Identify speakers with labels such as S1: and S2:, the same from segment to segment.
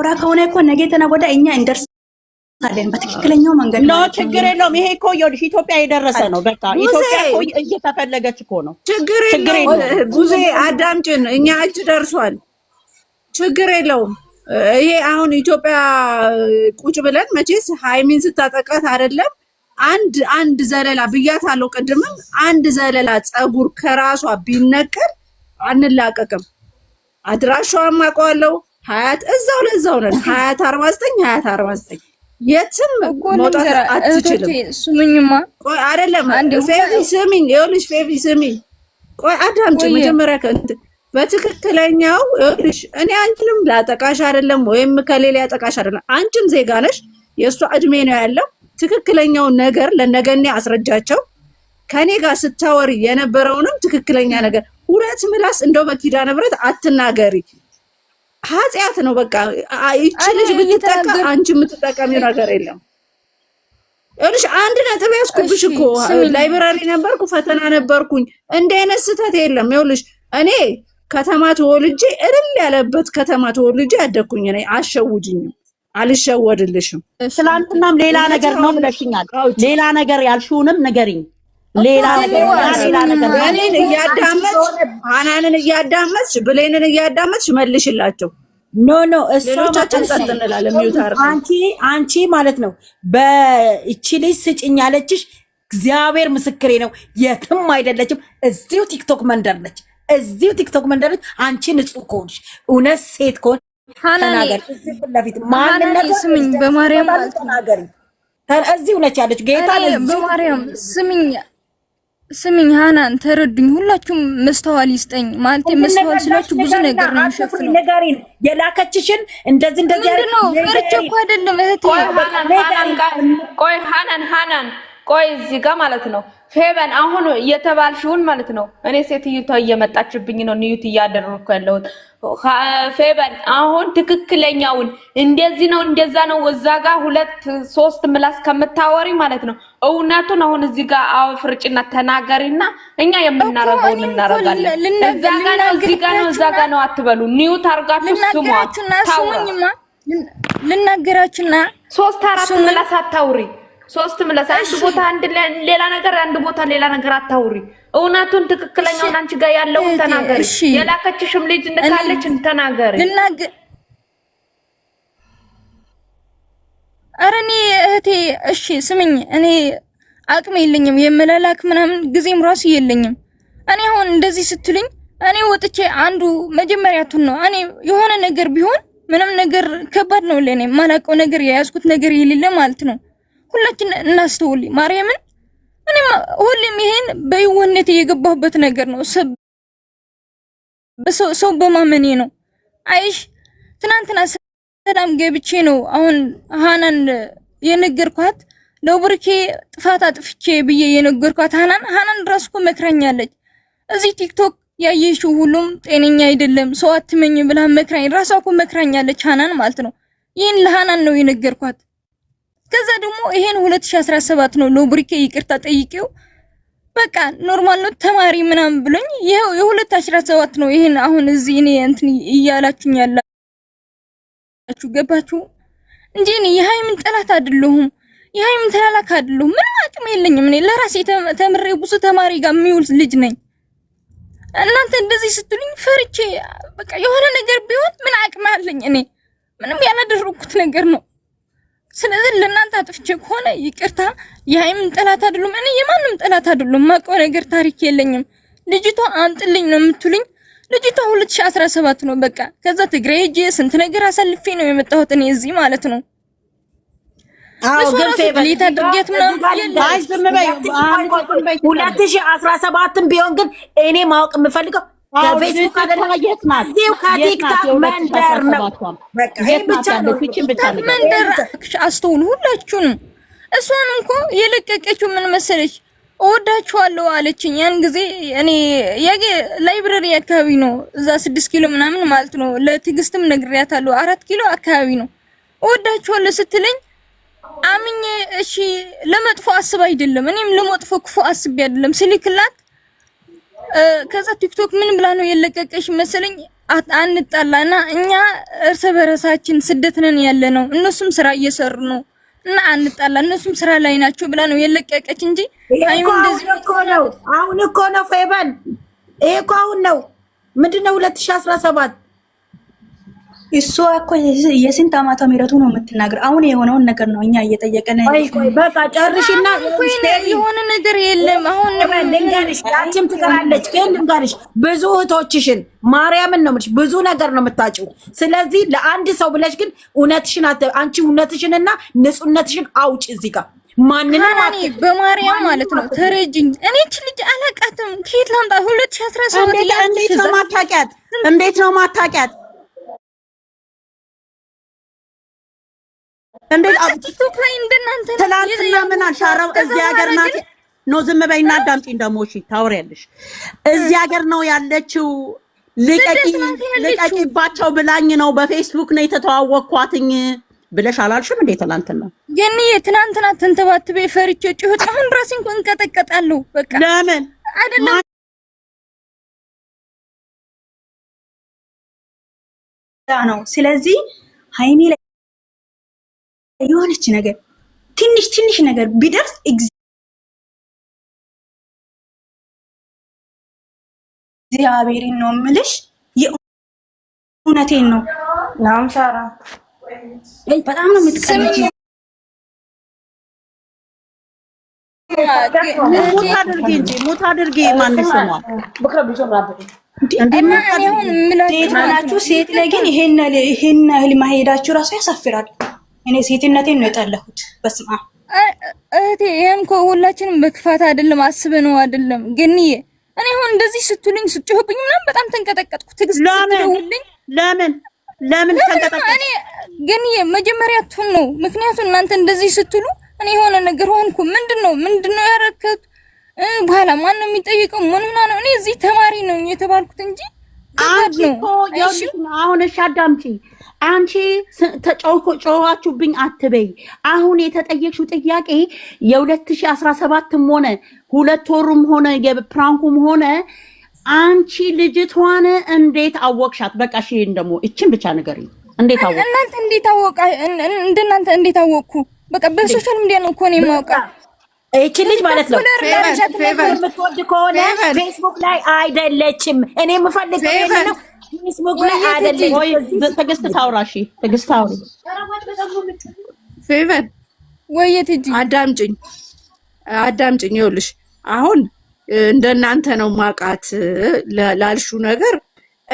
S1: የምናወራ ከሆነ እኮ ነገ ተናወዳ እኛ እንደርስ አለን በትክክለኛው መንገድ
S2: ነው። ችግር የለውም። ይሄ እኮ ይኸውልሽ ኢትዮጵያ የደረሰ ነው። በቃ ኢትዮጵያ እኮ እየተፈለገች እኮ ነው። ችግር የለውም። ጉዜ አዳምጭን፣ እኛ እጅ ደርሷል። ችግር የለውም። ይሄ አሁን ኢትዮጵያ ቁጭ ብለን መቼስ ሃይሚን ስታጠቃት አይደለም አንድ አንድ ዘለላ ብያት አለው ቅድምም አንድ ዘለላ ጸጉር ከራሷ ቢነቀል አንላቀቅም። አድራሻዋን አውቀዋለሁ ሀያት እዛው ለዛው ነን። ሀያት አርባ ዘጠኝ ሀያት አርባ ዘጠኝ የትም መውጣት አትችልም። ስሙኝማ አይደለም ፌቪ ስሚኝ፣ ይኸውልሽ ፌቪ ስሚኝ፣ ቆይ አዳምጪ መጀመሪያ ከእንትን በትክክለኛው ይኸውልሽ፣ እኔ አንቺንም ላጠቃሽ አይደለም ወይም ከሌላ ያጠቃሽ አይደለም። አንቺም ዜጋ ነሽ፣ የእሷ እድሜ ነው ያለው። ትክክለኛው ነገር ለነገኔ አስረጃቸው። ከኔ ጋር ስታወሪ የነበረውንም ትክክለኛ ነገር ሁለት ምላስ እንደው በኪዳነ ምሕረት አትናገሪ ኃጢአት ነው። በቃ ይቺ ልጅ ብትጠቀም አንቺ የምትጠቀሚው ነገር የለም። ይኸውልሽ አንድ ነጥብ ያስኩብሽ እኮ ላይብራሪ ነበርኩ፣ ፈተና ነበርኩኝ። እንዲህ አይነት ስህተት የለም። ይኸውልሽ እኔ ከተማ ተወልጄ እልል ያለበት ከተማ ተወልጄ ያደግኩኝ ነኝ። አሸውጅኝም አልሸወድልሽም።
S1: ትላንትናም ሌላ ነገር ነው ብለሽኛል። ሌላ ነገር ያልሽውንም ንገሪኝ። ሌላ
S2: እኔን እያዳመጥሽ ሀናንን እያዳመጥሽ ብሌንን እያዳመጥሽ መልሽላቸው። ኖ ኖ እሷቻችን ጸጥ እንላለን። አንቺ አንቺ ማለት ነው በእቺ ልጅ ስጭኝ ያለችሽ እግዚአብሔር ምስክሬ ነው። የትም አይደለችም፣ እዚሁ ቲክቶክ መንደር ነች። እዚሁ ቲክቶክ መንደር ነች። አንቺ ንጹህ ከሆንሽ እውነት ሴት ከሆን
S1: ተናገሪ። እዚህ
S2: ለፊት ማንነት
S1: ስምኝ፣ በማርያም
S2: ተናገሪ። እዚሁ ነች ያለች
S1: ጌታ በማርያም ስምኝ ስሚኝ ሃናን ተረዱኝ። ሁላችሁም መስተዋል ይስጠኝ ማለት መስተዋል ስላችሁ ብዙ ነገር
S2: ነው የሚሸፍነው። ነገሪን የላከችሽን እንደዚህ
S1: እንደዚህ ያለ ነው ፈርቼ እኮ አይደለም
S2: እህቴ። ቆይ ሃናን ሃናን ቆይ እዚህ ጋር ማለት ነው ፌበን አሁን የተባልሽውን ማለት ነው እኔ ሴትዮቷ እየመጣችብኝ ነው ንዩት እያደረኩ ያለሁት ፌበን አሁን ትክክለኛውን እንደዚህ ነው እንደዛ ነው እዛ ጋር ሁለት ሶስት ምላስ ከምታወሪ ማለት ነው እውነቱን አሁን እዚህ ጋር አፍርጭና ተናገሪና እኛ የምናረገው
S1: እናረጋለን።
S2: እዛ ጋ ነው እዚህ ጋ ነው እዛ ጋ ነው አትበሉ። ኒውት አርጋችሁ
S1: ስሟ ልናገራችሁና
S2: ሶስት አራት ምላስ አታውሪ። ሶስትም ለሳይንስ ቦታ አንድ ሌላ ነገር አንድ ቦታ ሌላ ነገር አታውሪ። እውነቱን ትክክለኛውን አንቺ ጋር ያለውን ተናገሪ። የላከችሽም ልጅ እንካለች ተናገሪ።
S1: ኧረ እኔ እህቴ እሺ ስምኝ፣ እኔ አቅም የለኝም የመላላክ ምናምን ጊዜም ራሱ የለኝም። እኔ አሁን እንደዚህ ስትልኝ እኔ ወጥቼ አንዱ መጀመሪያቱን ነው እኔ የሆነ ነገር ቢሆን ምንም ነገር ከባድ ነው ለኔ። ማላውቀው ነገር የያዝኩት ነገር የሌለ ማለት ነው ሁላችን እናስተውል ማርያምን። እኔም ሁሌም ይሄን በይወነት የገባሁበት ነገር ነው፣ ሰው በማመኔ ነው። አይሽ ትናንትና ሰላም ገብቼ ነው አሁን ሃናን የነገርኳት ለቡርኬ ጥፋት አጥፍቼ ብዬ የነገርኳት ሃናን ሃናን ራሱ እኮ መክራኛለች። እዚህ ቲክቶክ ያየሽው ሁሉም ጤነኛ አይደለም ሰው አትመኝ ብላ መክራኝ ራሷ እኮ መክራኛለች ሃናን ማለት ነው። ይህን ለሃናን ነው የነገርኳት። ከዛ ደግሞ ይሄን 2017 ነው ሎብሪኬ ይቅርታ ጠይቄው በቃ ኖርማል ነው ተማሪ ምናምን ብሎኝ ይሄው የ2017 ነው ይሄን አሁን እዚህ እኔ እንትን እያላችሁኝ ያላችሁ ገባችሁ እንጂ እኔ የሃይምን ጠላት አይደለሁም የሃይምን ተላላክ አይደለሁም ምንም አቅም የለኝም እኔ ለራሴ ተምሬ ብዙ ተማሪ ጋር የሚውል ልጅ ነኝ እናንተ እንደዚህ ስትሉኝ ፈርቼ በቃ የሆነ ነገር ቢሆን ምን አቅም አለኝ እኔ ምንም ያላደረኩት ነገር ነው ስለዚህ ለእናንተ አጥፍቼ ከሆነ ይቅርታ። የሃይምን ጠላት አይደሉም፣ እኔ የማንም ጠላት አይደሉም። ማቀው ነገር ታሪክ የለኝም። ልጅቷ አንጥልኝ ነው የምትሉኝ። ልጅቷ 2017 ነው በቃ። ከዛ ትግራይ ሄጄ ስንት ነገር አሳልፌ ነው የመጣሁት እኔ እዚህ ማለት ነው።
S2: ሁለት ሺህ አስራ ሰባትም ቢሆን ግን እኔ ማወቅ የምፈልገው የት ናት?
S1: እዚሁ ከቲክታክ መንደር ነው። መንደር ሁላችሁንም። እሷን እንኳ የለቀቀችው ምን መሰለች? እወዳችኋለሁ አለችኝ። ያን ጊዜ እኔ ላይብረሪ አካባቢ ነው፣ እዛ ስድስት ኪሎ ምናምን ማለት ነው። ነግሬያታለሁ። አራት ኪሎ አካባቢ ነው። እወዳችኋለሁ ስትለኝ አምኜ እሺ፣ ለመጥፎ አስብ አይደለም እኔም ለመጥፎ ክፉ አስቤ አይደለም ስልክላት ከዛ ቲክቶክ ምን ብላ ነው የለቀቀሽ መሰለኝ አንጣላና እኛ እርሰ በረሳችን ስደት ነን ያለ ነው። እነሱም ስራ እየሰሩ ነው እና አንጣላ፣ እነሱም ስራ ላይ ናቸው ብላ ነው የለቀቀች እንጂ
S2: አሁን እኮ ነው ፌበን ይሄ እኮ አሁን ነው ምንድነው 2017 እሱ እኮ የስንት ዓመቷ ምህረቱ ነው የምትናገር? አሁን የሆነውን ነገር ነው እኛ እየጠየቀን። በቃ ጨርሽና
S1: የሆነ ነገር የለም። አሁን
S2: ልንገርሽ፣ ያቺም ትቀራለች። ግን ልንገርሽ፣ ብዙ እህቶችሽን ማርያምን ነው የምልሽ፣ ብዙ ነገር ነው የምታጭው። ስለዚህ ለአንድ ሰው ብለሽ ግን እውነትሽን አንቺ እውነትሽንና ንጹህነትሽን አውጭ እዚህ ጋር
S1: ማንንም በማርያም ማለት ነው። ተረጅኝ እኔ እች ልጅ አላቃትም። ከየት ላምጣ? ሁለት ሺ አስራ
S2: ሰባት እንዴት ነው ማታውቂያት? እንዴት ነው ማታውቂያት? እንዴት ትናንትና ምን አሻራው እዚህ ሀገር ናት ኖ ዝም በይና አዳምጪኝ። ደግሞ እሺ ታወሪያለሽ። እዚህ ሀገር ነው ያለችው። ልቀቂባቸው ብላኝ ነው በፌስቡክ ነው የተተዋወቅኳትኝ ብለሽ አላልሽም እንዴ? ትናንትና
S1: የኔ ትናንትና ትንተባትቤ ፈርቼ ጭሁት አሁን ራሴን እንኳን እንቀጠቀጣለሁ። በቃ
S2: ለምን አይደለም ነው። ስለዚህ ሃይሚ የሆነች ነገር ትንሽ ትንሽ ነገር ቢደርስ እግዚአብሔርን ነው የምልሽ፣ የእውነቴን ነው። በጣም ነው የምትቀልጅ። ሞት አድርጌ ማነው ስሟ ሆናችሁ ሴት ላይ ግን ይሄን ያህል መሄዳችሁ ራሱ ያሳፍራል። እኔ ሴትነቴን ነው የጠላሁት። በስማ
S1: እህቴ፣ ይህም እኮ ሁላችንም በክፋት አይደለም አስብ ነው አይደለም ግን እኔ አሁን እንደዚህ ስትሉኝ ስትጮህብኝ ምናምን በጣም ተንቀጠቀጥኩ።
S2: ትግስት ስትደውልኝ ለምን ለምን
S1: እኔ ግን መጀመሪያ ትሁን ነው ምክንያቱ እናንተ እንደዚህ ስትሉ እኔ የሆነ ነገር ሆንኩ። ምንድነው ነው ያረከቱ በኋላ ማን ነው የሚጠይቀው? ምን ሆና ነው? እኔ እዚህ ተማሪ ነው የተባልኩት እንጂ
S2: አሁን እሺ አዳምጪ። አንቺ ተጨዋችሁብኝ አትበይ። አሁን የተጠየቅሽው ጥያቄ የ2017ም ሆነ ሁለት ወሩም ሆነ የፕራንኩም ሆነ አንቺ ልጅቷን እንዴት አወቅሻት? በቃ ሽን ደግሞ እችን ብቻ ንገሪኝ።
S1: እንዴት አወቅ እናንተ እንዴት አወቃ? እንደናንተ እንዴት አወቅኩ? በቃ በሶሻል ሚዲያ ነው እኮ ነው የማውቃት
S2: ይቺ ልጅ ማለት ነው የምትወድ ከሆነ ፌስቡክ ላይ አይደለችም። እኔ የምፈልገው ነው ፌስቡክ ላይ አይደለችም።
S1: ትዕግስት ታውራ፣ እሺ ትዕግስት ታውሪ። ፌቨር ወየት እጂ
S2: አዳምጭኝ፣ አዳምጭኝ። ይኸውልሽ አሁን እንደናንተ ነው ማቃት ላልሹ ነገር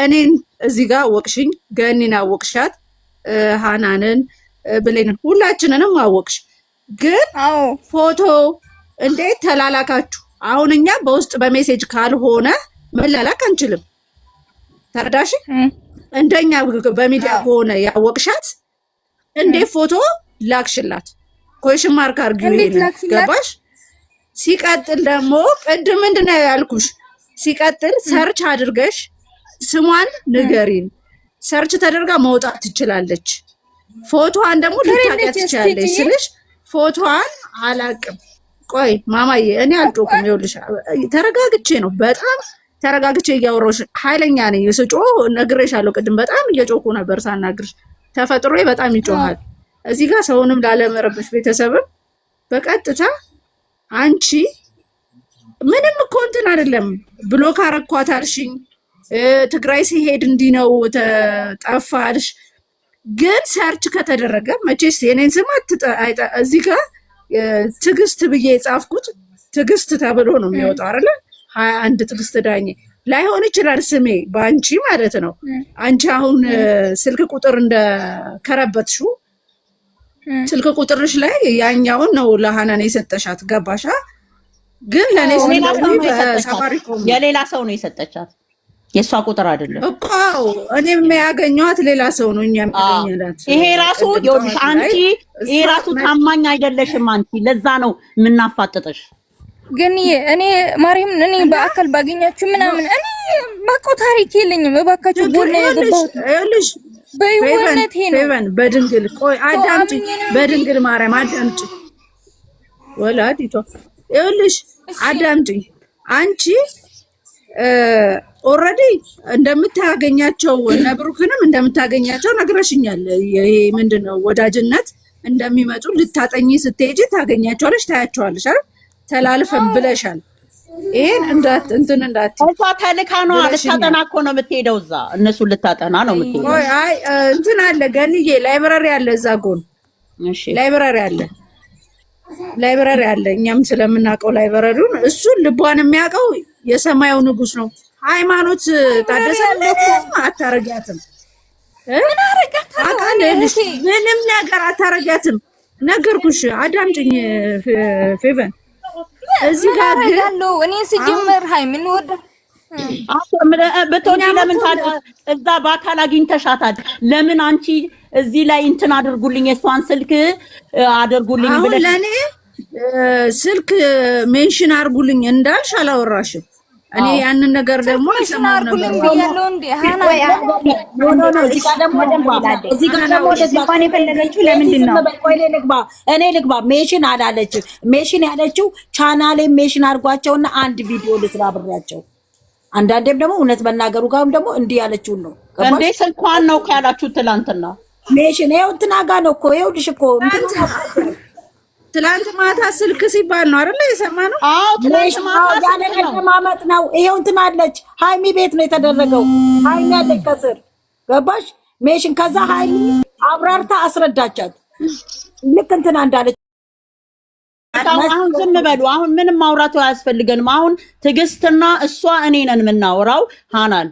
S2: እኔን እዚህ ጋር አወቅሽኝ፣ ገኒን አወቅሻት፣ ሃናንን ብሌንን ሁላችንንም አወቅሽ ግን ፎቶ እንዴት ተላላካችሁ? አሁን እኛ በውስጥ በሜሴጅ ካልሆነ መላላክ አንችልም። ተረዳሽ? እንደኛ በሚዲያ ከሆነ ያወቅሻት እንዴት ፎቶ ላክሽላት? ኮሽን ማርክ አርጊ ገባሽ? ሲቀጥል ደግሞ ቅድም ምንድን ነው ያልኩሽ? ሲቀጥል ሰርች አድርገሽ ስሟን ንገሪን። ሰርች ተደርጋ መውጣት ትችላለች። ፎቶዋን ደግሞ ልታውቂያ ትችላለች ስልሽ ፎቶዋን አላቅም ቆይ ማማዬ፣ እኔ አልጮኩም። ይኸውልሽ ተረጋግቼ ነው በጣም ተረጋግቼ እያወራሁሽ፣ ኃይለኛ ነኝ ስጮ ነግሬሻለሁ። ቅድም በጣም እየጮኩ ነበር ሳናግርሽ። ተፈጥሮ በጣም ይጮሃል። እዚህ ጋር ሰውንም ላለመረበሽ ቤተሰብም በቀጥታ አንቺ ምንም እኮ እንትን አይደለም ብሎ ካረኳት አልሽኝ። ትግራይ ሲሄድ እንዲህ ነው ጠፋልሽ። ግን ሰርች ከተደረገ መቼስ የኔን ስም እዚህ ጋር ትዕግስት ብዬ የጻፍኩት ትዕግስት ተብሎ ነው የሚወጣው አይደለ? ሀያ አንድ ትዕግስት ዳኝ ላይሆን ይችላል ስሜ በአንቺ ማለት ነው። አንቺ አሁን ስልክ ቁጥር እንደከረበትሹ ስልክ ቁጥርሽ ላይ ያኛውን ነው ለሀናን የሰጠሻት ገባሻ? ግን ለእኔ ስሜ የሌላ ሰው ነው የሰጠቻት። የእሷ ቁጥር አይደለም እኮ እኔ የሚያገኘዋት ሌላ ሰው ነው። እኛ
S1: ያገኘላት ይሄ ራሱ ይኸውልሽ፣ አንቺ ይሄ ራሱ ታማኝ አይደለሽም አንቺ። ለዛ ነው የምናፋጥጥሽ። ግን እኔ ማርያም እኔ በአካል ባገኛችሁ ምናምን እኔ በቃ ታሪክ የለኝም እባካችሁ።
S2: ጎና ያገባሁልሽ በይወነት ሄን በድንግል ቆይ አዳምጪ፣ በድንግል ማርያም አዳምጪ፣ ወላዲቷ ይኸውልሽ አዳምጪ አንቺ ኦልሬዲ እንደምታገኛቸው ነብሩክንም እንደምታገኛቸው ነግረሽኛል። ይሄ ምንድን ነው ወዳጅነት እንደሚመጡ ልታጠኝ ስትሄጂ ታገኛቸዋለሽ፣ ታያቸዋለሽ አይደል? ተላልፈን ብለሻል። ይሄን እንዳት እንትን እንዳት
S1: እሷ ተልካ ነው ልታጠና እኮ ነው የምትሄደው። እዛ እነሱ ልታጠና ነው የምትሄደው።
S2: አይ እንትን አለ ገንዬ ላይብራሪ አለ፣ እዛ ጎን ላይብራሪ አለ፣ ላይብራሪ አለ። እኛም ስለምናውቀው ላይብራሪውን እሱን ልቧን የሚያውቀው የሰማዩ ንጉስ ነው። ሃይማኖት ታደሰ አታረጊያትም፣ ምንም ነገር አታረጊያትም። ነገርኩሽ፣ አዳምጪኝ ፌቨን
S1: እዚህ ጋር ያለው እኔ ሲጀምር ሃይ ምን ወደ ብትወጪ ለምን እዛ በአካል አግኝተሻታል? ለምን አንቺ እዚህ ላይ እንትን አድርጉልኝ የሷን ስልክ
S2: አድርጉልኝ ብለሽ ለኔ ስልክ ሜንሽን አድርጉልኝ እንዳልሽ አላወራሽም። እኔ ያንን ነገር ደግሞ ልግባ፣ እኔ ልግባ። ሜሽን አላለች። ሜሽን ያለችው ቻናሌ ሜሽን አድርጓቸውና አንድ ቪዲዮ ልስራ ብሬያቸው፣ አንዳንዴም ደግሞ እውነት መናገሩ ጋርም ደግሞ እንዲህ ያለችውን ነው
S1: እንዴ ስልኳን ነው ያላችሁ ትላንትና
S2: ሜሽን ይኸው እንትና ጋር ነው እኮ ይኸውልሽ እኮ እንትን ትላንት ማታ ስልክ ሲባል ነው አይደለ? ነው።
S1: አዎ ትላንት ማታ ያለማመጥ ነው። ይሄው እንትን አለች ሀይሚ ቤት ነው የተደረገው። ሀይሚ አለች ከስር
S2: ገባሽ ሜሽን። ከዛ ሀይሚ አብራርታ አስረዳቻት ልክ እንትና እንዳለች።
S1: አሁን ዝም በሉ። አሁን ምንም ማውራቱ አያስፈልገንም። አሁን ትዕግስትና እሷ እኔ ነን የምናወራው። ሃናን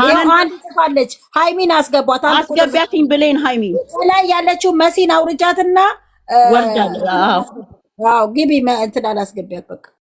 S1: ሃናን ጽፋለች። ሀይሚን አስገቧት፣
S2: አስገቢያትኝ ብሌን ሀይሚ
S1: ላይ ያለችው መሲን አውርጃትና ወርዳ ግቢ እንትን አላስገቢያት በቃ